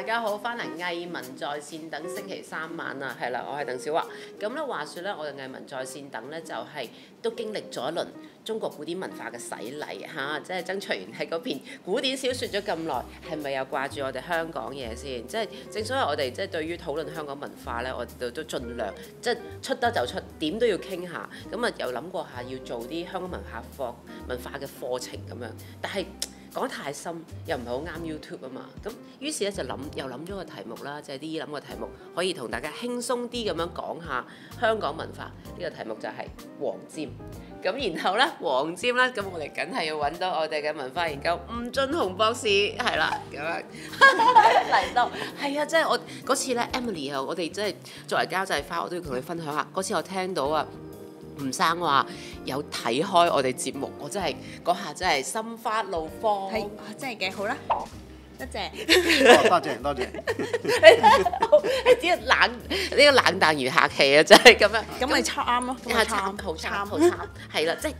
大家好，翻嚟藝文在線等星期三晚啊，係啦，我係鄧小樺。咁咧話說咧，我哋藝文在線等咧就係、是、都經歷咗一輪中國古典文化嘅洗禮。嚇，即係曾卓然喺嗰篇古典小説咗咁耐，係咪又掛住我哋香港嘢先？即、就、係、是、正所謂我哋即係對於討論香港文化咧，我哋都盡量即係、就是、出得就出，點都要傾下。咁啊，又諗過下要做啲香港文化課、文化嘅課程咁樣，但係，講太深又唔係好啱 YouTube 啊嘛，咁於是咧就諗又諗咗個題目啦，即係啲諗個題目可以同大家輕鬆啲咁樣講下香港文化。呢、呢個題目就係黃霑。咁然後咧黃霑咧，咁我哋梗係要揾到我哋嘅文化研究吳俊雄博士係啦，咁樣嚟 到，係啊，即、就、係、是、我嗰次咧，Emily 啊、就是，我哋即係作為交際花，我都要同你分享下嗰次我聽到啊。吳生話有睇開我哋節目，我真係嗰下真係心花怒放，係真係嘅，好啦，多謝，多謝，多謝，你呢個冷，呢個冷淡如客氣啊，真係咁樣，咁咪差啱咯，差好差好差，係啦，即係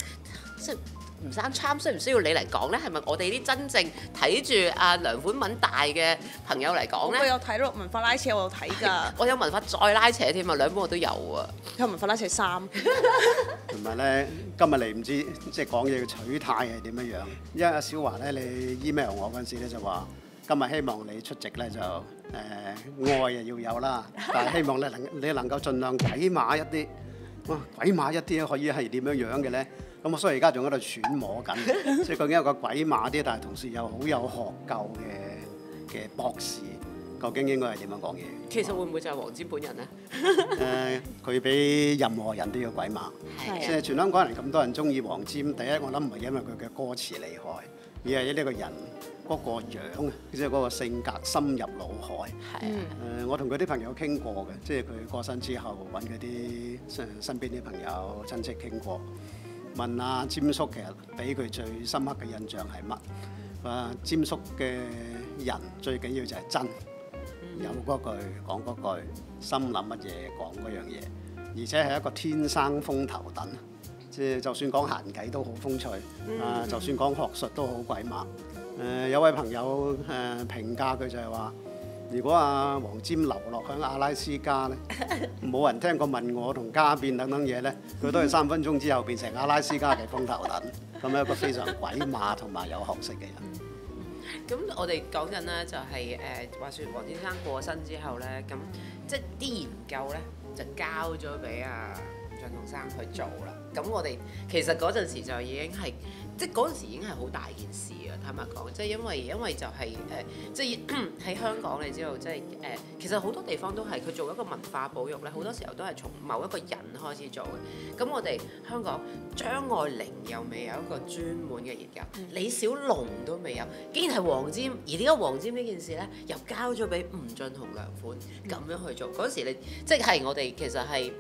即。唔參參，需唔需要你嚟講咧？係咪我哋啲真正睇住阿梁款品大嘅朋友嚟講咧？我有睇咯，文化拉扯我有睇㗎，我有文化再拉扯添啊！兩本我都有啊，有文化拉扯三。同埋咧，今日嚟唔知即係講嘢嘅取態係點樣樣？因為阿小樺咧，你 email 我嗰陣時咧就話，今日希望你出席咧就誒愛啊要有啦，但係希望咧能你能夠盡量鬼馬一啲，哇，鬼馬一啲可以係點樣樣嘅咧？咁我、嗯、所以而家仲喺度揣摩緊，即係究竟有個鬼馬啲，但係同時又好有學究嘅嘅博士，究竟應該係點樣講嘢？其實會唔會就係黃霑本人咧？誒、呃，佢比任何人都要鬼馬。啊、即係全香港人咁多人中意黃霑，第一我諗唔係因為佢嘅歌詞厲害，而係呢個人嗰、嗰個樣啊，即係嗰個性格深入腦海。係啊。呃、我同佢啲朋友傾過嘅，即係佢過身之後揾佢啲身邊啲朋友親戚傾過。問阿霑叔其實俾佢最深刻嘅印象係乜？啊，霑叔嘅人最緊要就係真，有嗰句講嗰句，心諗乜嘢講嗰樣嘢，而且係一個天生風頭躉，即係就算講閒偈都好風趣，啊、嗯嗯，就算講學術都好鬼馬。誒，有位朋友，誒，評價佢就係話。如果阿黃霑流落響阿拉斯加咧，冇人聽過問我同家變等等嘢咧，佢都係三分鐘之後變成阿拉斯加嘅風頭躉，咁樣一個非常鬼馬同埋有學識嘅人。咁我哋講緊咧就係誒，話説黃先生過身之後咧，咁即係啲研究咧就交咗俾阿俊雄生去做啦。咁我哋其實嗰陣時就已經係，即係嗰陣時已經係好大件事啊！坦白講，即係因為因為就係誒，即係喺香港你知道，即係誒，其實好多地方都係佢做一個文化保育咧，好多時候都係從某一個人開始做嘅。咁我哋香港張愛玲又未有一個專門嘅研究，的李小龍都未有，竟然係黃霑，而呢個黃霑呢件事咧又交咗俾吳俊雄梁款咁樣去做？嗰的時你即係我哋其實係。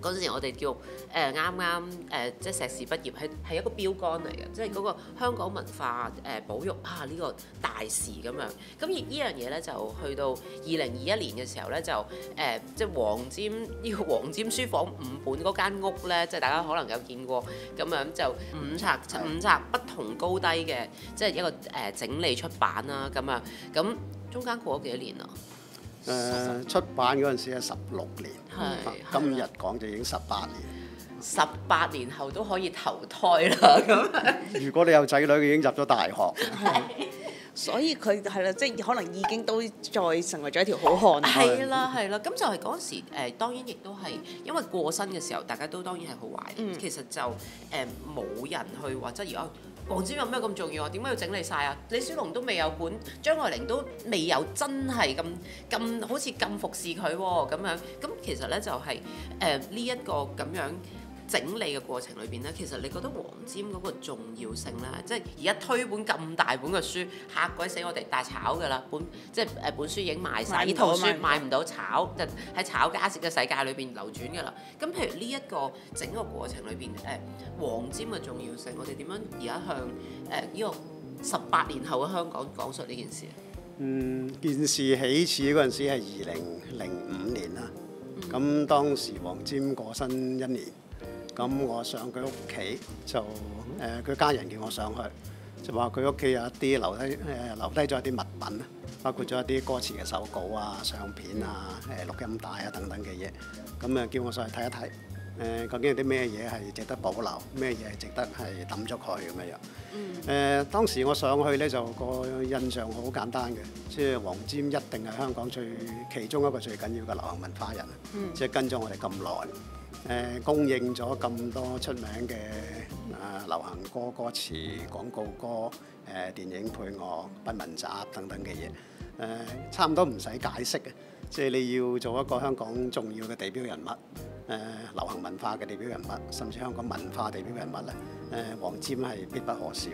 嗰陣時我哋叫誒啱啱誒，即係碩士畢業，係係一個標杆嚟嘅，即係嗰個香港文化誒、呃、保育啊呢、呢個大事咁樣。咁而呢樣嘢咧就去到二零二一年嘅時候咧就誒、呃、即係黃霑呢個黃霑書房五本嗰間屋咧，即係大家可能有見過咁樣，就五冊的五冊不同高低嘅，即係一個誒、呃、整理出版啦咁啊。咁中間過咗幾多年啊？誒、呃、出版嗰陣時係十六年。係，今日講就已經十八年，十八年後都可以投胎啦。咁 如果你有仔女，已經入咗大學， 所以佢係啦，即係可能已經都再成為咗一條好漢。係啦，係啦。咁就係嗰陣時，誒、呃、當然亦都係，因為過身嘅時候，大家都當然係好懷念。嗯、其實就誒冇、呃、人去話，即如果。黃霑有咩咁重要啊？點解要整理晒啊？李小龍都未有管，張愛玲都未有真係咁咁好似咁服侍佢喎咁樣。咁其實咧就係誒呢一個咁樣。整理嘅過程裏邊咧，其實你覺得黃霑嗰個重要性咧，即係而家推本咁大本嘅書嚇鬼死我哋大炒㗎啦。本即係誒本書已經賣晒，呢套書賣唔到炒，就喺、是、炒家式嘅世界裏邊流轉㗎啦。咁譬如呢一個整個過程裏邊誒黃霑嘅重要性，我哋點樣而家向誒呢、呃這個十八年後嘅香港講述呢件事啊？嗯，件事起始嗰陣時係二零零五年啦，咁當時黃霑過身一年。咁我上佢屋企就誒，佢家人叫我上去，就話佢屋企有一啲留低誒，留低咗一啲物品咧，包括咗一啲歌詞嘅手稿啊、相片啊、誒錄音帶啊等等嘅嘢。咁啊，叫我上去睇一睇誒，究竟有啲咩嘢係值得保留，咩嘢係值得係抌咗佢咁樣樣。誒，當時我上去咧就個印象好簡單嘅，即係黃霑一定係香港最其中一個最緊要嘅流行文化人，即係跟咗我哋咁耐。誒、呃、供應咗咁多出名嘅啊、呃、流行歌歌詞、廣告歌、誒、呃、電影配樂、不文集等等嘅嘢，誒、呃、差唔多唔使解釋嘅，即係你要做一個香港重要嘅地標人物，誒、呃、流行文化嘅地標人物，甚至香港文化地標人物咧，誒黃霑係必不可少。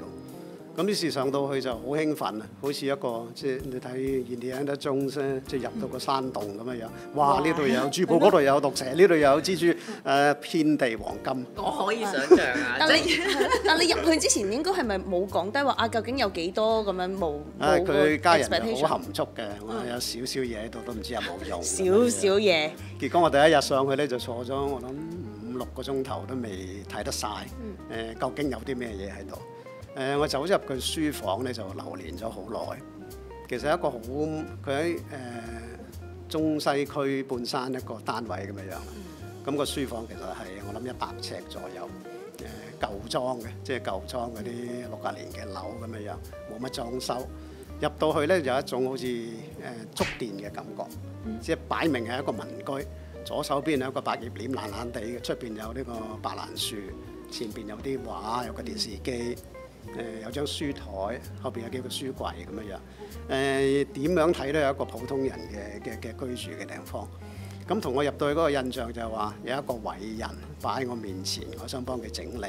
咁呢次上到去就好興奮啊！好似一個即係你睇電影得中啫，即係入到個山洞咁嘅樣。哇！呢度有珠寶，嗰度有毒蛇，呢度又有蜘蛛。誒，遍地黃金。我可以想像啊，但係但係入去之前應該係咪冇講低話啊？究竟有幾多咁樣冇？啊，佢家人又好含蓄嘅，我有少少嘢喺度都唔知有冇用。少少嘢。結果我第一日上去咧就坐咗我諗五六個鐘頭都未睇得晒。誒，究竟有啲咩嘢喺度？誒，我走入佢書房咧，就流連咗好耐。其實一個好，佢喺誒中西區半山一個單位咁樣樣。咁個書房其實係我諗一百尺左右，誒舊裝嘅，即係舊裝嗰啲六十年嘅樓咁樣樣，冇乜裝修。入到去咧，有一種好似誒觸電嘅感覺，即係擺明係一個民居。左手邊有個百葉簾爛爛地嘅，出邊有呢個白蘭樹，前邊有啲畫，有個電視機。誒有張書台，後邊有幾個書櫃咁、呃、樣樣。誒點樣睇都有一個普通人嘅嘅嘅居住嘅地方。咁同我入到去嗰個印象就係話，有一個偉人擺喺我面前，我想幫佢整理，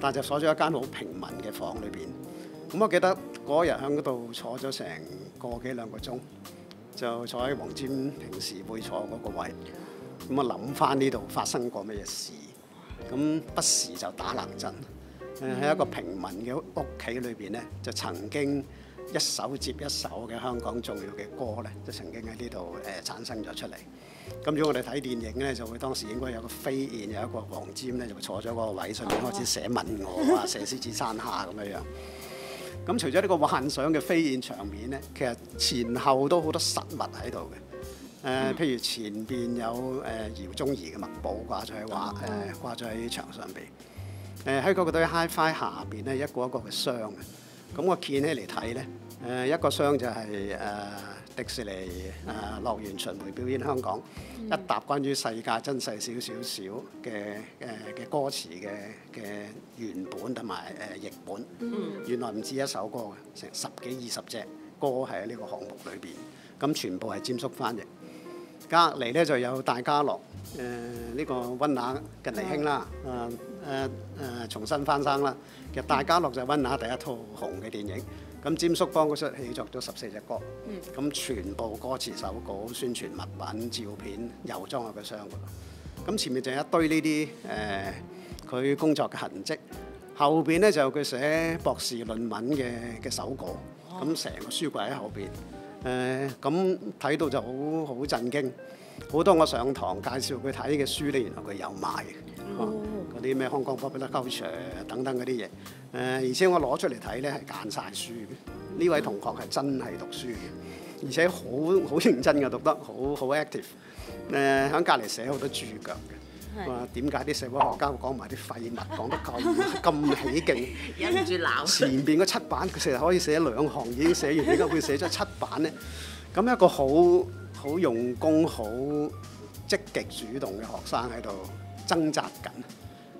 但就鎖咗一間好平民嘅房裏邊。咁我記得嗰日喺嗰度坐咗成個幾兩個鐘，就坐喺黃霑平時會坐嗰個位。咁啊諗翻呢度發生過咩事？咁不時就打冷震。喺一個平民嘅屋企裏邊呢，就曾經一首接一首嘅香港重要嘅歌呢，就曾經喺呢度誒產生咗出嚟。咁如果我哋睇電影呢，就會當時應該有個飛燕，有一個黃霑呢，就坐咗嗰個位上面開始、oh. 寫文我啊，寫獅子山下咁樣樣。咁 除咗呢個幻想嘅飛燕場面呢，其實前後都好多實物喺度嘅。呃 mm. 譬如前邊有誒、呃、姚宗儀嘅墨寶掛咗喺畫誒、mm. 呃、掛咗喺牆上邊。誒喺嗰堆 hi-fi 下邊咧一個一個嘅箱啊！咁我見起嚟睇咧，誒一個箱就係、是、誒、呃、迪士尼誒、呃、樂園巡迴表演香港、嗯、一沓關於世界真細小小小嘅誒嘅歌詞嘅嘅、呃、原本同埋誒譯本。嗯、原來唔止一首歌嘅，成十幾二十隻歌喺呢個項目裏邊，咁全部係霑叔翻譯。隔離咧就有大家樂誒呢、呃、這個溫拿近年興啦，誒、嗯。誒誒重新翻生啦！其實大家樂就係溫拿第一套紅嘅電影。咁霑叔幫嗰齣戲作咗十四隻歌，咁全部歌詞手稿、宣傳物品、照片、又裝喺個箱㗎。咁前面就一堆呢啲誒佢工作嘅痕跡，後邊咧就有佢寫博士論文嘅嘅手稿。咁成個書櫃喺後邊，誒咁睇到就好好震驚。好多我上堂介紹佢睇嘅書咧，原來佢有買。啲咩 Hong Kong popular culture 等等嗰啲嘢，誒、呃、而且我攞出嚟睇咧，係揀晒書。呢、嗯、位同學係真係讀書，而且好好認真嘅讀得好好 active、呃。誒喺隔離寫好多注腳嘅，話點解啲社會學家會講埋啲廢物講得咁咁 起勁，忍唔住鬧。前邊嗰七版佢成日可以寫兩行已經寫完，點解佢寫咗七版咧？咁一個好好用功、好積極主動嘅學生喺度掙扎緊。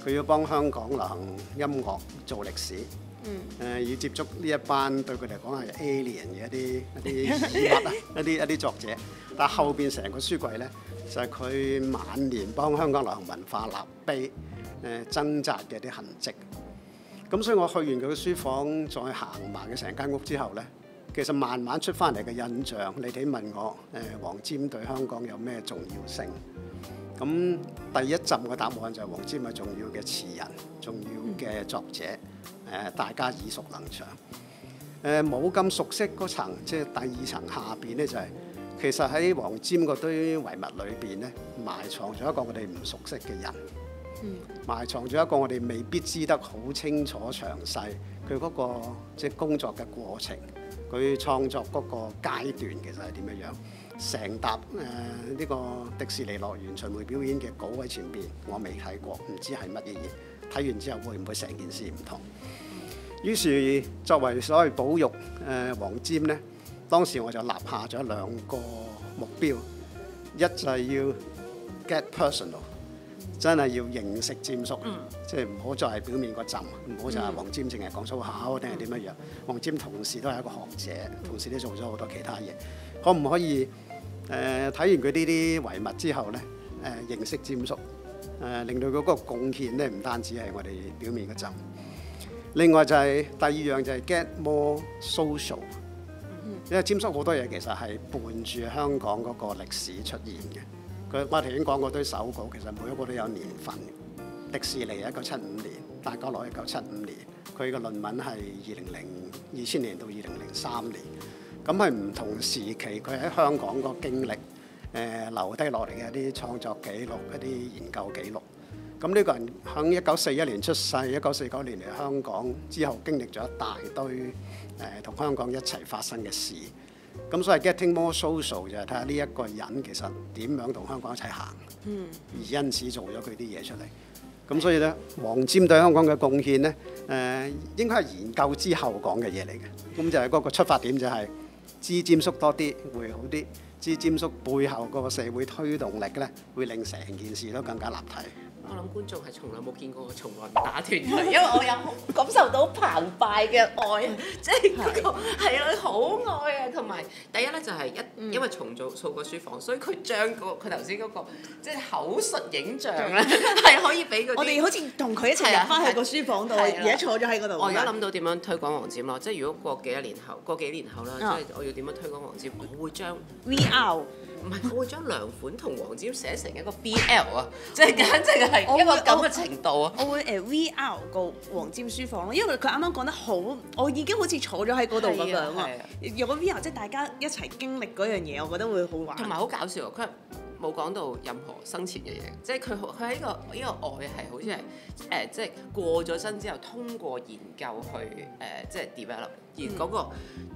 佢要幫香港流行音樂做歷史，誒要、嗯呃、接觸呢一班對佢嚟講係 alien 嘅一啲 一啲、啊、一啲一啲作者。但後邊成個書櫃咧，就係、是、佢晚年幫香港流行文化立碑、誒掙扎嘅啲痕跡。咁所以我去完佢嘅書房，再行埋佢成間屋之後咧，其實慢慢出翻嚟嘅印象，你哋問我誒黃霑對香港有咩重要性？咁第一集嘅答案就係黃霑係重要嘅詞人，重要嘅作者，誒、嗯、大家耳熟能詳。誒冇咁熟悉嗰層，即、就、係、是、第二層下邊咧就係、是，其實喺黃霑個堆遺物裏邊咧，埋藏咗一個我哋唔熟悉嘅人，嗯、埋藏咗一個我哋未必知得好清楚詳細，佢嗰、那個即係、就是、工作嘅過程，佢創作嗰個階段其實係點樣樣？成沓，誒，呢個迪士尼樂園巡迴表演嘅稿喺前邊，我未睇過，唔知係乜嘢嘢。睇完之後會唔會成件事唔同？於是作為所謂保育，誒黃霑咧，當時我就立下咗兩個目標，一就係要 get personal，真係要認識霑叔，即係唔好再係表面個浸，唔好就係黃霑淨係講粗口定係點乜樣。黃霑同時都係一個學者，同時都做咗好多其他嘢，可唔可以？誒睇、呃、完佢呢啲遺物之後咧，誒認識霑叔，誒、呃、令到佢嗰個貢獻咧唔單止係我哋表面嘅浸。另外就係、是、第二樣就係 get more social，因為霑叔好多嘢其實係伴住香港嗰個歷史出現嘅。佢我頭先講嗰堆手稿，其實每一個都有年份。迪士尼一九七五年，大家樂一九七五年，佢嘅論文係二零零二千年到二零零三年。咁係唔同時期，佢喺香港個經歷，誒留低落嚟嘅一啲創作記錄、一啲研究記錄。咁呢個人喺一九四一年出世，一九四九年嚟香港之後，經歷咗一大堆誒同香港一齊發生嘅事。咁所謂 getting more social 就係睇下呢一個人其實點樣同香港一齊行，嗯，而因此做咗佢啲嘢出嚟。咁所以呢，黃霑對香港嘅貢獻呢，誒應該係研究之後講嘅嘢嚟嘅。咁就係嗰個出發點就係。知霑叔多啲會好啲，知霑叔背後個社會推動力咧，會令成件事都更加立體。我諗觀眾係從來冇見過，從來唔打斷嘅，因為我有感受到澎湃嘅愛，即係嗰個係啊好愛啊！同埋第一咧就係一，因為重做掃過書房，所以佢將嗰佢頭先嗰個即係口述影像咧，係可以俾佢。我哋好似同佢一齊入翻去個書房度，而家坐咗喺嗰度。我而家諗到點樣推廣黃霑咯。即係如果過幾年後，過幾年後啦，即係我要點樣推廣黃霑？我會將。We 唔係，我會將梁款同黃霑寫成一個 BL 啊，即係簡直係一個咁嘅程度啊！我會誒、uh, VR 個黃霑書房咯，因為佢啱啱講得好，我已經好似坐咗喺嗰度咁樣啊！啊如果 VR 即係大家一齊經歷嗰樣嘢，我覺得會好玩，同埋好搞笑啊！佢。冇講到任何生前嘅嘢，即係佢佢喺依個依、這個愛好似係誒，即係、嗯呃就是、過咗身之後，通過研究去誒，即、呃、係、就是、develop ed,、那個。而嗰個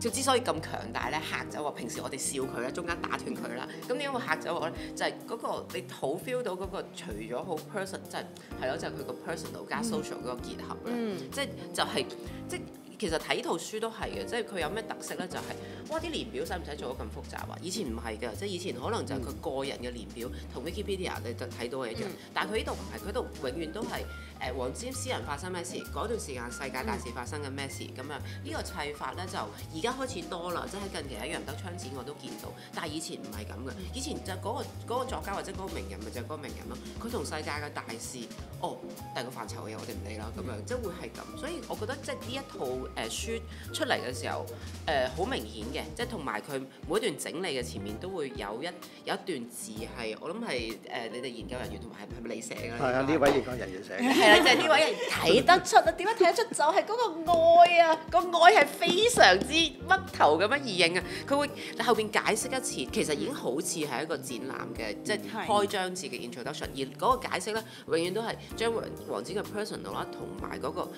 佢之所以咁強大咧，嚇走，走我平時我哋笑佢啦，中間打斷佢啦。咁點解會嚇走我咧？就係、是、嗰、那個你好 feel 到嗰、那個除咗好 person 即、就、係、是、係咯，就係佢個 personal 加 social 嗰個結合啦。即係就係即係。其實睇套書都係嘅，即係佢有咩特色咧？就係、是、哇啲年表使唔使做得咁複雜啊？以前唔係嘅，即係以前可能就係佢個人嘅年表同 Wikipedia 你睇到嘅嘢一樣。嗯、但係佢呢度唔係，佢度永遠都係誒黃霑私人發生咩事，嗰段時間世界大事發生緊咩事咁樣。呢、這個砌法咧就而家開始多啦，即係近期喺《一人得槍子》我都見到。但係以前唔係咁嘅，以前就嗰、那個那個那個作家或者嗰個名人咪就嗰、是、個名人咯。佢同世界嘅大事哦第個範疇嘅嘢我哋唔理啦咁樣，即係會係咁。所以我覺得即係呢一套。誒書出嚟嘅時候，誒、呃、好明顯嘅，即係同埋佢每一段整理嘅前面都會有一有一段字，係我諗係誒你哋研究人員同埋係咪你寫嘅。係啊的，呢說位研究人員寫嘅。係啊， 就係、是、呢位睇得出啊，點樣睇得出？得出就係嗰個愛啊，那個愛係非常之乜頭咁樣易認啊！佢會後邊解釋一次，其實已經好似係一個展覽嘅，即係開張式嘅 introduction。而嗰個解釋咧，永遠都係將王子嘅 personal 啦、那個，同埋嗰個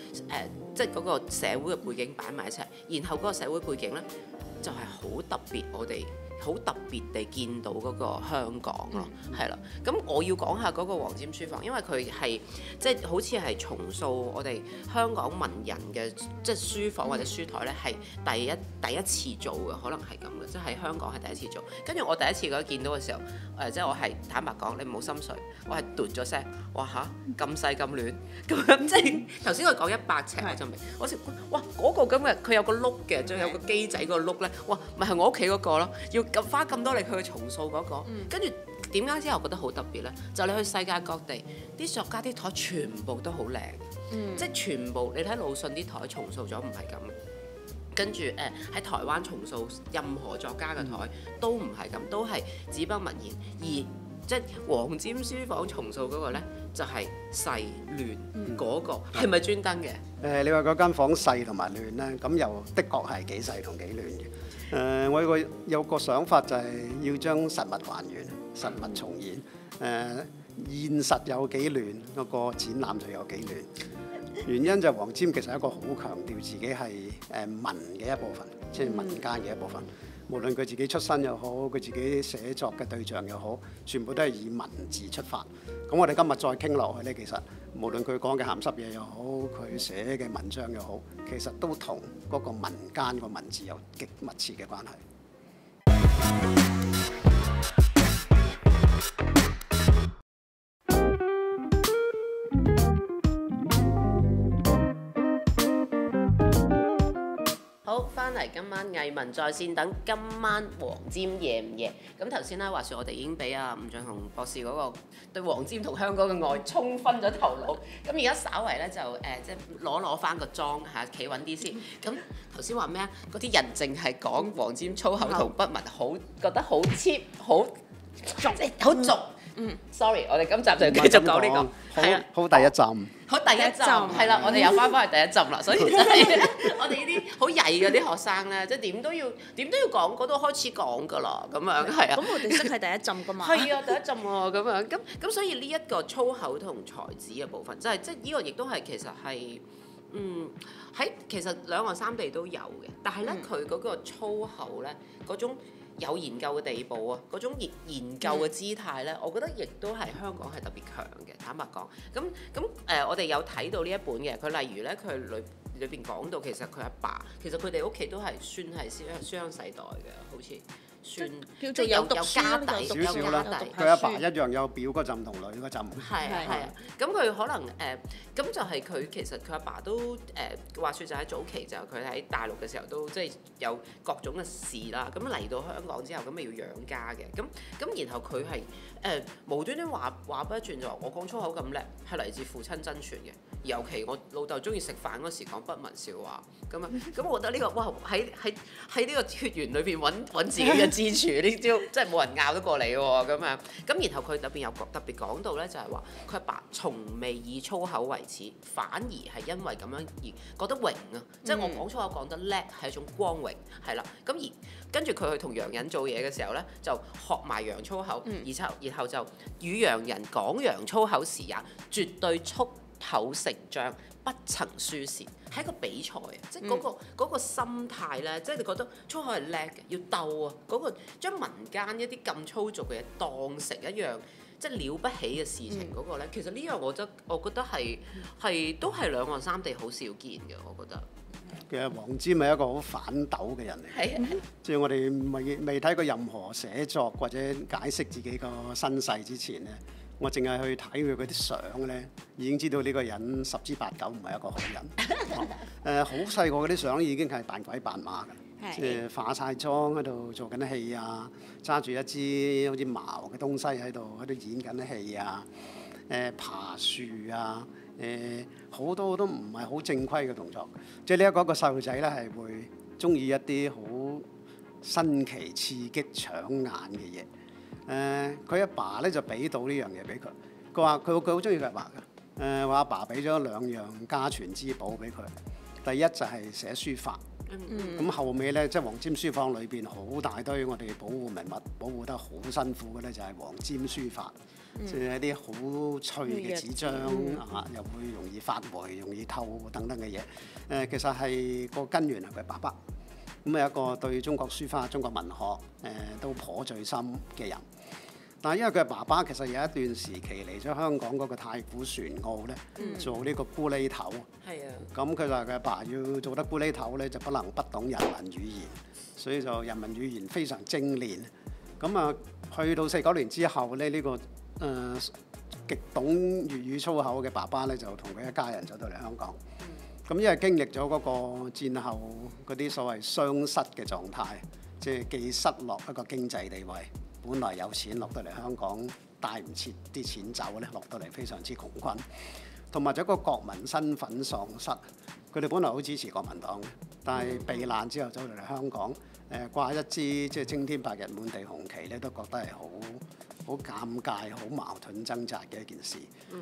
即係嗰個社會嘅。背景擺埋一齊，然後嗰個社會背景咧就係、是、好特別，我哋。好特別地見到嗰個香港咯，係啦。咁我要講下嗰個黃霑書房，因為佢係即係好似係重塑我哋香港文人嘅即係書房或者書台咧，係第一第一次做嘅，可能係咁嘅，即係喺香港係第一次做。跟住我第一次嗰日見到嘅時候，誒即係我係坦白講，你唔好心碎，我係嘟咗聲，哇嚇咁細咁亂咁靜。頭先我講一百尺我就明，我笑哇嗰個咁嘅佢有個轆嘅，仲有個機仔個轆咧，哇咪係我屋企嗰個咯，要。花咁多力，去重數嗰、那個，跟住點解之後覺得好特別呢？就你去世界各地，啲作家啲枱全部都好靚，嗯、即係全部你睇魯迅啲枱重塑咗唔係咁，跟住誒喺台灣重塑任何作家嘅枱、嗯、都唔係咁，都係紙筆文言。而即係黃霑書房重塑嗰個咧，就係、是、細亂嗰、那個，係咪專登嘅？誒，嗯、你話嗰間房細同埋亂呢？咁又的確係幾細同幾亂嘅。誒、呃，我有個有個想法就係要將實物還原、實物重現。誒、呃，現實有幾亂，嗰、那個展覽就有幾亂。原因就係黃霑其實一個好強調自己係誒民嘅一部分，即、就、係、是、民間嘅一部分。無論佢自己出身又好，佢自己寫作嘅對象又好，全部都係以文字出發。咁我哋今日再傾落去咧，其實～無論佢講嘅鹹濕嘢又好，佢寫嘅文章又好，其實都同嗰個民間個文字有極密切嘅關係。 翻嚟今晚，藝文在線等，今晚黃霑夜唔夜。咁頭先咧話說，我哋已經俾阿吳俊雄博士嗰個對黃霑同香港嘅愛衝昏咗頭腦，咁而家稍為咧就誒即係攞攞翻個妝嚇企穩啲先穩。咁頭先話咩啊？嗰啲人淨係講黃霑粗口同不文 好覺得好 cheap，好俗，好俗。 嗯，sorry，我哋今集就繼續講呢、呢個，係好、啊、好第一浸，好第一浸，係啦，我哋又翻返去第一浸啦，所以真係我哋呢啲好曳嘅啲學生咧，即係點都要點都要講，我都開始講噶啦，咁樣係啊，咁 我哋識係第一浸噶嘛，係 啊，第一浸喎，哦，咁樣咁咁，所以呢一個粗口同才子嘅部分就係即係呢個亦都係其實係嗯喺其實兩岸三地都有嘅，但係咧佢嗰個粗口咧嗰種。有研究嘅地步啊，嗰種研研究嘅姿態咧，我覺得亦都係香港係特別強嘅，坦白講。咁咁誒，我哋有睇到呢一本嘅，佢例如咧，佢裏裏邊講到其實佢阿爸，其實佢哋屋企都係算係書香世代嘅，好似。算叫做有家底少少啦，佢阿爸一樣有表嗰陣同女嗰陣。係係，咁佢可能誒，咁、呃、就係佢其實佢阿爸都誒、呃、話説就喺早期就佢喺大陸嘅時候都即係、就是、有各種嘅事啦，咁嚟到香港之後咁咪要養家嘅，咁咁然後佢係。嗯誒無端端話話不一轉就話我講粗口咁叻，係嚟自父親真傳嘅。尤其我老豆中意食飯嗰時講不文笑話，咁啊咁我覺得呢、呢個哇喺喺喺呢個血緣裏邊揾揾自己嘅支柱，呢 招真係冇人拗得過你喎。咁啊咁然後佢特別有特別講到咧就係話佢阿爸從未以粗口為恥，反而係因為咁樣而覺得榮啊，即係、嗯、我講粗口講得叻係一種光榮，係啦。咁而跟住佢去同洋人做嘢嘅時候咧就學埋洋粗口，而且然後就與洋人講洋粗口時也絕對粗口成章，不曾輸蝕，係一個比賽，即係嗰個心態咧，即係你覺得粗口係叻嘅，要鬥啊！嗰個將民間一啲咁粗俗嘅嘢當成一樣，即係了不起嘅事情嗰個咧，嗯，其實呢樣我真我覺得係係都係兩岸三地好少見嘅，我覺得。其實黃霑咪一個好反斗嘅人嚟，的即係我哋未未睇過任何寫作或者解釋自己個身世之前咧，我淨係去睇佢嗰啲相咧，已經知道呢個人十之八九唔係一個好人。誒、 啊，好細個嗰啲相已經係扮鬼扮馬嘅，即係的、呃、化晒妝喺度做緊啲戲啊，揸住一支好似矛嘅東西喺度喺度演緊啲戲啊，誒，爬樹啊。誒好、呃、多、多都唔係好正規嘅動作，即係呢一個個細路仔咧係會中意一啲好新奇刺激搶眼嘅嘢。誒、呃，佢阿爸咧就俾到呢樣嘢俾佢，佢話佢佢好中意畫畫嘅。誒、呃，我阿爸俾咗兩樣家傳之寶俾佢，第一就係寫書法。咁、嗯嗯、後尾咧，即、就、係、是、黃霑書房裏邊好大堆我哋保護文物保護得好辛苦嘅咧，就係黃霑書法。即係一啲好脆嘅紙張，嚇、嗯、又會容易發霉、容易透等等嘅嘢。誒、呃，其實係、嗰個根源係佢爸爸咁啊，一個對中國書法、中國文學誒、呃、都頗醉心嘅人。但係因為佢爸爸其實有一段時期嚟咗香港嗰個太古船澳咧，嗯、做呢個咕喱頭。係啊，咁佢話佢阿爸要做得咕喱頭咧，就不能不懂人民語言，所以就人民語言非常精煉。咁啊，去到四九年之後咧，呢、這個。誒、嗯、極懂粵語，語粗口嘅爸爸咧，就同佢一家人走到嚟香港。咁因為經歷咗嗰個戰後嗰啲所謂喪失嘅狀態，即係既失落一個經濟地位，本來有錢落到嚟香港帶唔切啲錢走咧，落到嚟非常之窮困，同埋仲有個國民身份喪失。佢哋本來好支持國民黨，但係避難之後走嚟嚟香港，誒、呃、掛一支即係青天白日滿地紅旗咧，都覺得係好。好尷尬、好矛盾、掙扎嘅一件事，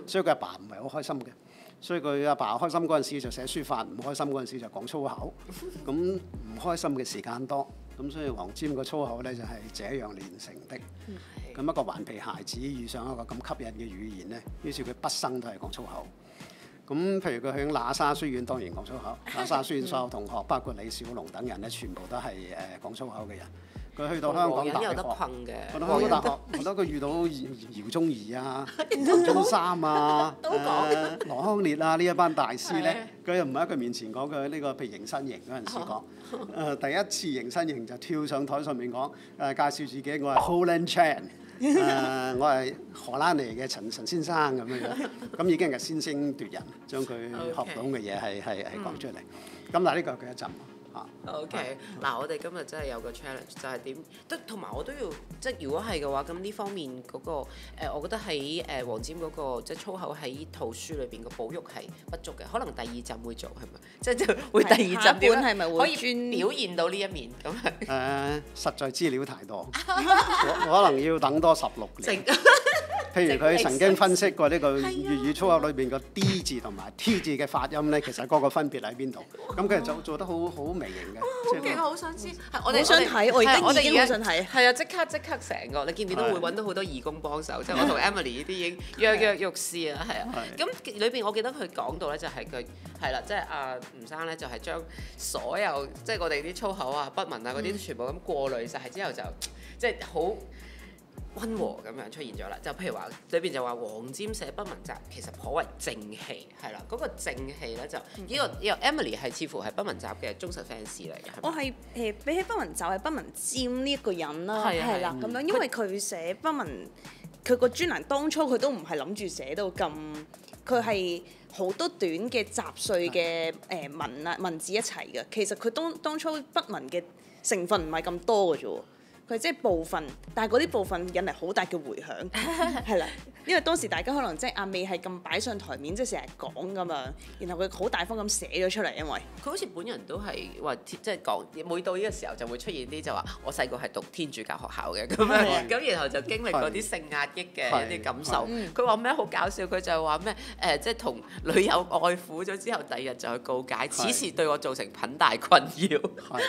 所以佢阿爸唔係好開心嘅。所以佢阿爸，爸開心嗰陣時就寫書法，唔開心嗰陣時就講粗口。咁唔開心嘅時間多，咁所以黃霑個粗口呢就係、是、這樣練成的。咁一個頑皮孩子遇上一個咁吸引嘅語言呢，於是佢畢生都係講粗口。咁譬如佢響喇沙書院當然講粗口，喇沙書院所有同學，包括李小龍等人呢，全部都係誒講粗口嘅人。佢去到香港大學，冇人有得困嘅。去到香港大學，我都佢遇到姚宗儀啊、姚宗三啊、誒羅康烈啊呢一班大師咧，佢又唔係喺佢面前講佢呢個，譬如迎新營嗰陣時講。誒第一次迎新營就跳上台上面講，誒介紹自己，我係 Holland Chan，誒我係荷蘭嚟嘅陳陳先生咁樣樣，咁已經係先聲奪人，將佢學到嘅嘢係係係講出嚟。咁但呢個係佢一陣。OK，嗱，我哋今日真係有個 challenge，就係點？都同埋我都要，即係如果係嘅話，咁呢方面嗰個我覺得喺誒黃霑嗰個即係粗口喺圖書裏邊嘅保育係不足嘅，可能第二集會做係咪？即係會第二集點？下半係咪會表現到呢一面咁啊？誒，實在資料太多，我可能要等多十六年。譬如佢曾經分析過呢個粵語粗口裏邊個 D 字同埋 T 字嘅發音咧，其實個個分別喺邊度？咁佢就做得好好。哇好勁啊！好想知，係我哋想睇，我已經已經好想睇，係啊，即刻即刻成個，你見唔見到會揾到好多義工幫手？即係我同 Emily 呢啲已經躍躍欲試啊，係啊。咁裏邊我記得佢講到咧就係佢係啦，即係阿吳生咧就係將所有即係我哋啲粗口啊、不文啊嗰啲全部咁過濾晒之後就即係好。溫和咁樣出現咗啦，就譬如話裏邊就話黃霑寫不文集其實頗為正氣，係啦，嗰、那個正氣咧就呢、嗯、個呢個 Emily 係似乎係不文集嘅忠實 fans 嚟嘅，我係誒、呃、比起不文集係不文霑呢一個人啦、啊，係啦咁樣，的嗯、因為佢寫不文，佢個專欄當初佢都唔係諗住寫到咁，佢係好多短嘅雜碎嘅誒文啊的文字一齊嘅，其實佢當當初不文嘅成分唔係咁多嘅啫。佢即係部分，但係嗰啲部分引嚟好大嘅回響，係啦， 因為當時大家可能即係阿美係咁擺上台面，即係成日講咁樣，然後佢好大方咁寫咗出嚟，因為佢好似本人都係話即係講，每到呢個時候就會出現啲就話我細個係讀天主教學校嘅咁樣，咁是然後就經歷嗰啲性壓抑嘅啲感受。佢話咩好搞笑？佢就話咩誒，即係同女友愛撫咗之後，第二日就去告解，此事對我造成品大困擾。係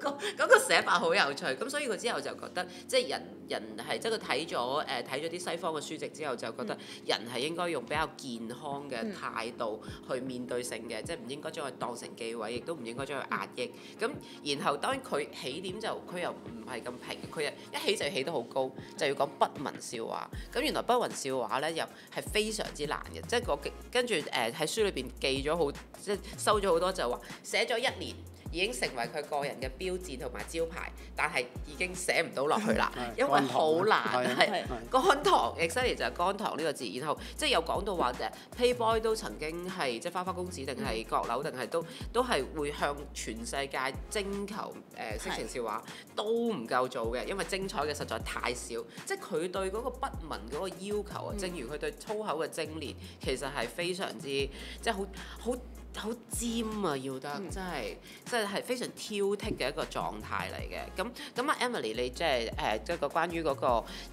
嗰、 嗰個寫、嗰個、法好有趣，咁所以佢之後。就覺得即係人，人係即係佢睇咗誒睇咗啲西方嘅書籍之後，就覺得人係應該用比較健康嘅態度去面對性嘅，嗯、即係唔應該將佢當成忌諱，亦都唔應該將佢壓抑。咁然後當然佢起點就佢又唔係咁平，佢一起就起得好高，嗯、就要講不文笑話。咁原來不文笑話咧又係非常之難嘅，即係我跟住誒喺書裏邊記咗好即係收咗好多就話寫咗一年。已經成為佢個人嘅標誌同埋招牌，但係已經寫唔到落去啦， 因為好難。係乾塘 actually 就係乾塘呢個字，然後即係有講到話誒 ，Playboy 都曾經係即係花花公子，定係閣樓，定係都都係會向全世界徵求誒、呃、色情笑話， 都唔夠做嘅，因為精彩嘅實在太少。即係佢對嗰個不文嗰個要求啊， 正如佢對粗口嘅精煉，其實係非常之即係好好。就是 好尖啊，要得，嗯、真係真係非常挑剔嘅一個狀態嚟嘅。咁咁阿 Emily，你即係誒即係個關於嗰個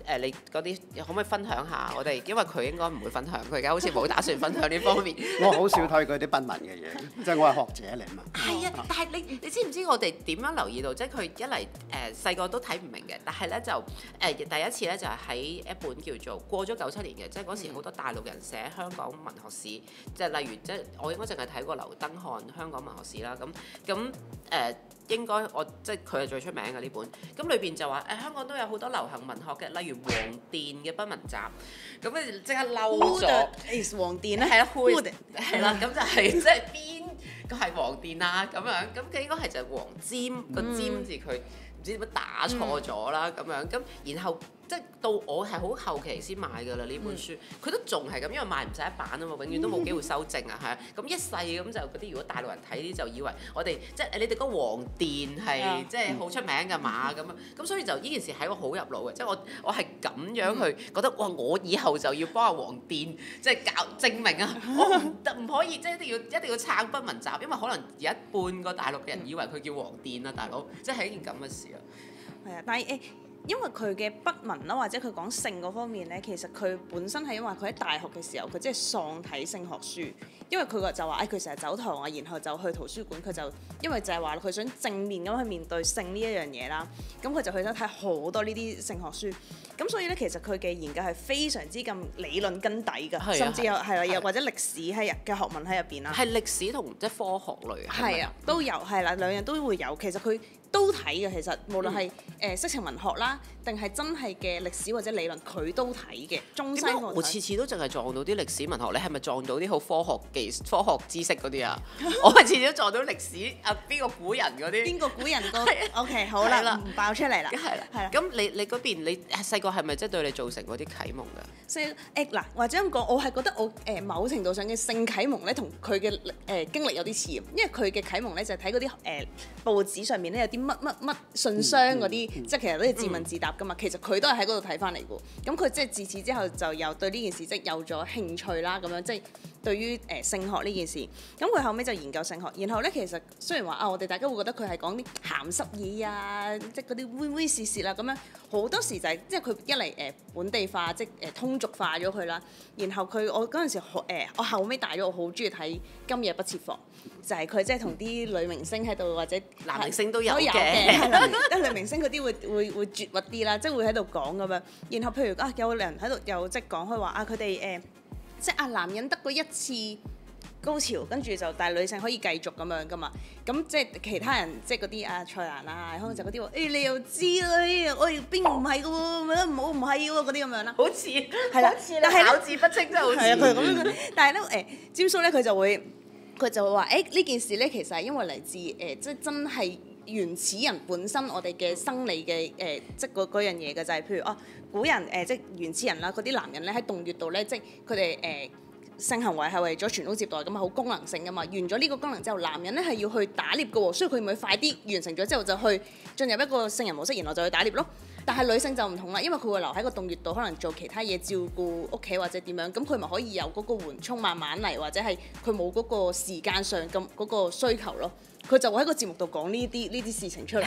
誒你嗰啲，可唔可以分享下我哋？因為佢應該唔會分享，佢而家好似冇打算分享呢方面。我好少睇佢啲不文嘅嘢，即係 我係學者嚟 問。係啊，但係你你知唔知我哋點樣留意到？即係佢一嚟誒細個都睇唔明嘅，但係咧就誒、呃、第一次咧就喺、是、一本叫做過咗九七年嘅，即係嗰時好多大陸人寫香港文學史，即係即係、例如，例如即係我應該淨係睇。個《劉登翰》香港文學史啦，咁咁誒應該我即係佢係最出名嘅呢本，咁裏邊就話誒、呃、香港都有好多流行文學嘅，例如黃殿嘅《不文集》，咁誒即刻漏咗，黃殿咧係啦，咁就係即係邊個係黃殿啦咁樣，咁佢應該係就黃尖、嗯、個尖字佢唔知點解打錯咗啦咁樣，咁然後。即到我係好後期先買㗎啦呢本書，佢、嗯、都仲係咁，因為賣唔晒一版啊嘛，永遠都冇機會修正啊，係啊，咁、嗯嗯、一世咁就嗰啲如果大陸人睇啲，就以為我哋即係你哋個黃殿係即係好出名㗎嘛。咁樣，咁、嗯、所以就呢件事係我好入腦嘅，即、就、係、是、我我係咁樣去覺得、嗯、哇，我以後就要幫阿黃殿，即係搞證明啊，我唔得唔可以即係、就是、一定要一定要撐不文集，因為可能有一半個大陸嘅人以為佢叫黃殿啊，大佬，即、就、係、是、一件咁嘅事啊，係啊，但係誒。因為佢嘅不文啦，或者佢講性嗰方面咧，其實佢本身係因為佢喺大學嘅時候，佢即係喪睇性學書，因為佢個就話，誒佢成日走堂啊，然後就去圖書館，佢就因為就係話佢想正面咁去面對性呢一樣嘢啦，咁佢就去咗睇好多呢啲性學書，咁所以咧其實佢嘅研究係非常之咁理論根底㗎，啊、甚至又係啦又或者歷史喺入嘅學問喺入邊啦，係歷史同即係科學類，係啊都有係啦、啊、兩樣都會有，其實佢，都睇嘅，其實無論係、嗯、色情文學啦。定係真係嘅歷史或者理論，佢都睇嘅中西學。我次次都淨係撞到啲歷史文學，你係咪撞到啲好科學技科學知識嗰啲啊？ 我係次次都撞到歷史啊，邊個古人嗰啲？邊個古人都？O K，好啦，唔了爆出嚟啦，係啦，係啦。咁你你嗰邊你細個係咪即係對你造成嗰啲啟蒙㗎？所以誒嗱，或者咁講，我係覺得我誒、呃、某程度上嘅性啟蒙咧，同佢嘅誒經歷有啲似，因為佢嘅啟蒙咧就係睇嗰啲誒報紙上面咧有啲乜乜乜信箱嗰啲，嗯嗯嗯、即係其實都係自問自答。嗯噶嘛，其實佢都係喺嗰度睇翻嚟嘅，咁佢即係自此之後就有對呢件事，即係有咗興趣啦，咁樣即係。對於誒、呃、性學呢件事，咁佢後尾就研究性學，然後咧其實雖然話啊、哦，我哋大家會覺得佢係講啲鹹濕嘢啊，即係嗰啲猥猥瑣瑣啦咁樣，好多時就係、是、即係佢一嚟誒、呃、本地化，即係誒、呃、通俗化咗佢啦。然後佢我嗰陣時學、呃、我後尾大咗，我好中意睇《今夜不設防》，就係、是、佢即係同啲女明星喺度或者男明星都有嘅，即係有 女明星嗰啲會會會，會絕密啲啦，即係會喺度講咁樣。然後譬如啊，有個人喺度又即係講開話啊，佢哋誒。啊即係啊，男人得過一次高潮，跟住就但女性可以繼續咁樣噶嘛？咁即係其他人即係嗰啲啊蔡蘭啊，可能就嗰啲喎。你又知啦啲，我又邊唔係噶喎？唔好唔係喎嗰啲咁樣啦，好似係啦，但係口字不清真就好似。但係咧誒，霑叔咧佢就會佢就會話誒呢件事咧其實係因為嚟自誒即係真係。原始人本身我哋嘅生理嘅誒、呃，即係嗰樣嘢嘅就係，譬如哦，古人誒、呃、即原始人啦，嗰啲男人咧喺洞穴度咧，即佢哋誒性行為係為咗傳宗接代，咁啊好功能性㗎嘛。完咗呢個功能之後，男人咧係要去打獵㗎喎，所以佢咪會快啲完成咗之後就去進入一個聖人模式，然後就去打獵咯。但係女性就唔同啦，因為佢會留喺個洞穴度，可能做其他嘢照顧屋企或者點樣，咁佢咪可以有嗰個緩衝慢慢嚟，或者係佢冇嗰個時間上咁嗰個需求咯。佢就會喺個節目度講呢啲呢啲事情出嚟，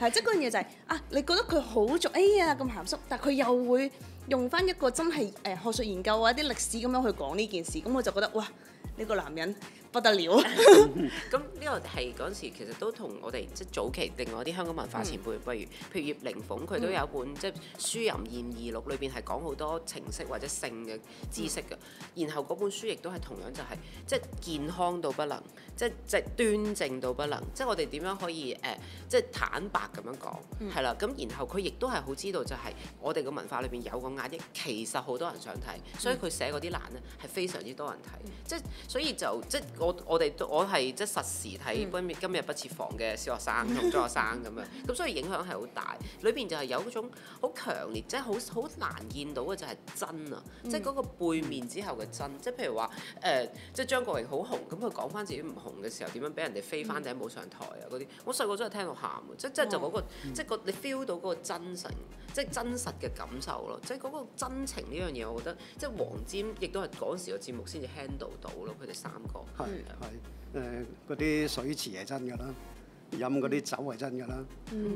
係即係嗰樣嘢就係、是就是、啊，你覺得佢好俗，哎呀咁鹹濕，但佢又會用翻一個真係誒、呃、學術研究或者啲歷史咁樣去講呢件事，咁、嗯、我就覺得哇，呢個男人。不得了、 這個！咁呢個係嗰時，其實都同我哋即係早期另外啲香港文化前輩，不、嗯、如葉玲，譬如葉靈鳳佢都有一本即係、就是《書淫艷異錄》，裏邊係講好多情色或者性嘅知識噶。然後嗰本書亦都係同樣就係，即係健康到不能，即係即係端正到不能。即係我哋點樣可以誒，即係坦白咁樣講，係啦。咁然後佢亦都係好知道，就係我哋嘅文化裏邊有個壓抑，其實好多人想睇，所以佢寫嗰啲欄咧，係非常之多人睇。即係、嗯、所以就即我我哋都我係即係實時睇，今日不設防嘅小學生、mm. 同中學生咁樣，咁所以影響係好大。裏邊就係有嗰種好強烈，即係好好難見到嘅就係真啊，mm. 即係嗰個背面之後嘅真。即係譬如話誒、呃，即係張國榮好紅，咁佢講翻自己唔紅嘅時候，點樣俾人哋飛翻頂冇上台啊嗰啲。我細個真係聽到喊啊，即係就嗰個，即係個你 feel 到嗰個真情，即係真實嘅感受咯。即係嗰個真情呢樣嘢，我覺得即係黃霑亦都係嗰時嘅節目先至 handle 到咯，佢哋三個。係誒，嗰啲水池係真㗎啦，飲嗰啲酒係真㗎啦。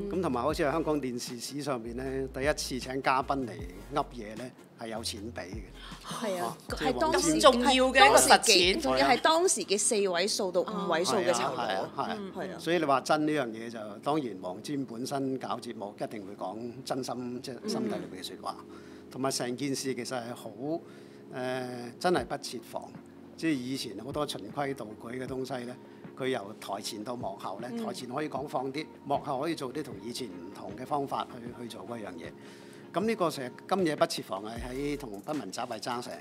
咁同埋好似係香港電視史上邊咧，第一次請嘉賓嚟噏嘢咧係有錢俾嘅。係啊，係當時重要嘅，個事件仲要係當時嘅四位數到五位數嘅酬勞。係啊，係啊。所以你話真呢樣嘢就當然黃霑本身搞節目一定會講真心即心底裏邊嘅説話，同埋成件事其實係好誒真係不設防。即係以前好多循規蹈矩嘅東西咧，佢由台前到幕後咧，嗯、台前可以講放啲，幕後可以做啲同以前唔同嘅方法去去做嗰樣嘢。咁、嗯、呢個成日今夜不設防係喺同不文集係爭成